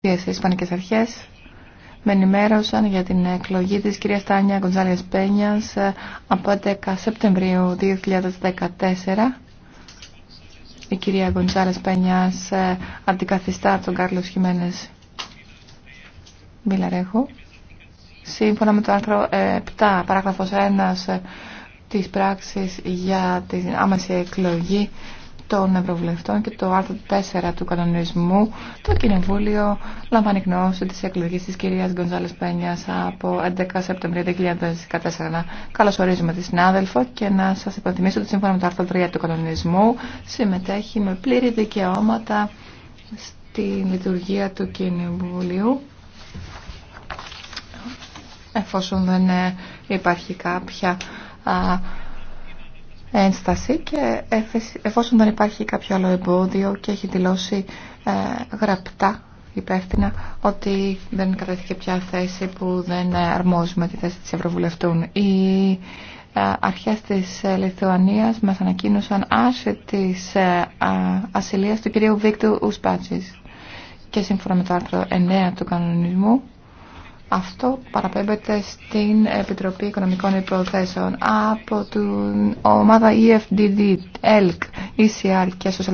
Οι Ισπανικές Αρχές με ενημέρωσαν για την εκλογή της κυρία Τάνια Γκοντζάλιας Πένιας ε, από 10 Σεπτεμβρίου 2014. Η κυρία Γκοντζάλιας Πένιας ε, αντικαθιστά τον Κάρλος Χιμένες Μιλαρέχου. Σύμφωνα με το άρθρο 7, παράγραφος 1 ε, της πράξης για την άμεση εκλογή των Ευρωβουλευτών και το άρθρο 4 του κανονισμού, το Κοινοβούλιο λαμβάνει γνώση τη εκλογή τη κυρία Γκονζάλης Πένια από 11 Σεπτεμβρίου 2014. Καλώς ορίζουμε τη συνάδελφο και να σα υπενθυμίσω ότι σύμφωνα με το άρθρο 3 του κανονισμού συμμετέχει με πλήρη δικαιώματα στη λειτουργία του Κοινοβουλίου εφόσον δεν ε, υπάρχει κάποια ένσταση και εφόσον δεν υπάρχει κάποιο άλλο εμπόδιο και έχει δηλώσει ε, γραπτά υπεύθυνα ότι δεν κατέθηκε πια θέση που δεν αρμόζουμε τη θέση της Ευρωβουλευτούν. Οι ε, αρχές της ε, Λιθουανίας μας ανακοίνωσαν άρση της ασυλίας του κυρίου Βίκτου Ουσπάτσης και σύμφωνα με το άρθρο 9 του κανονισμού αυτό παραπέμπεται στην Επιτροπή Οικονομικών Υποθέσεων από την ομάδα EFDD, ELK, ECR και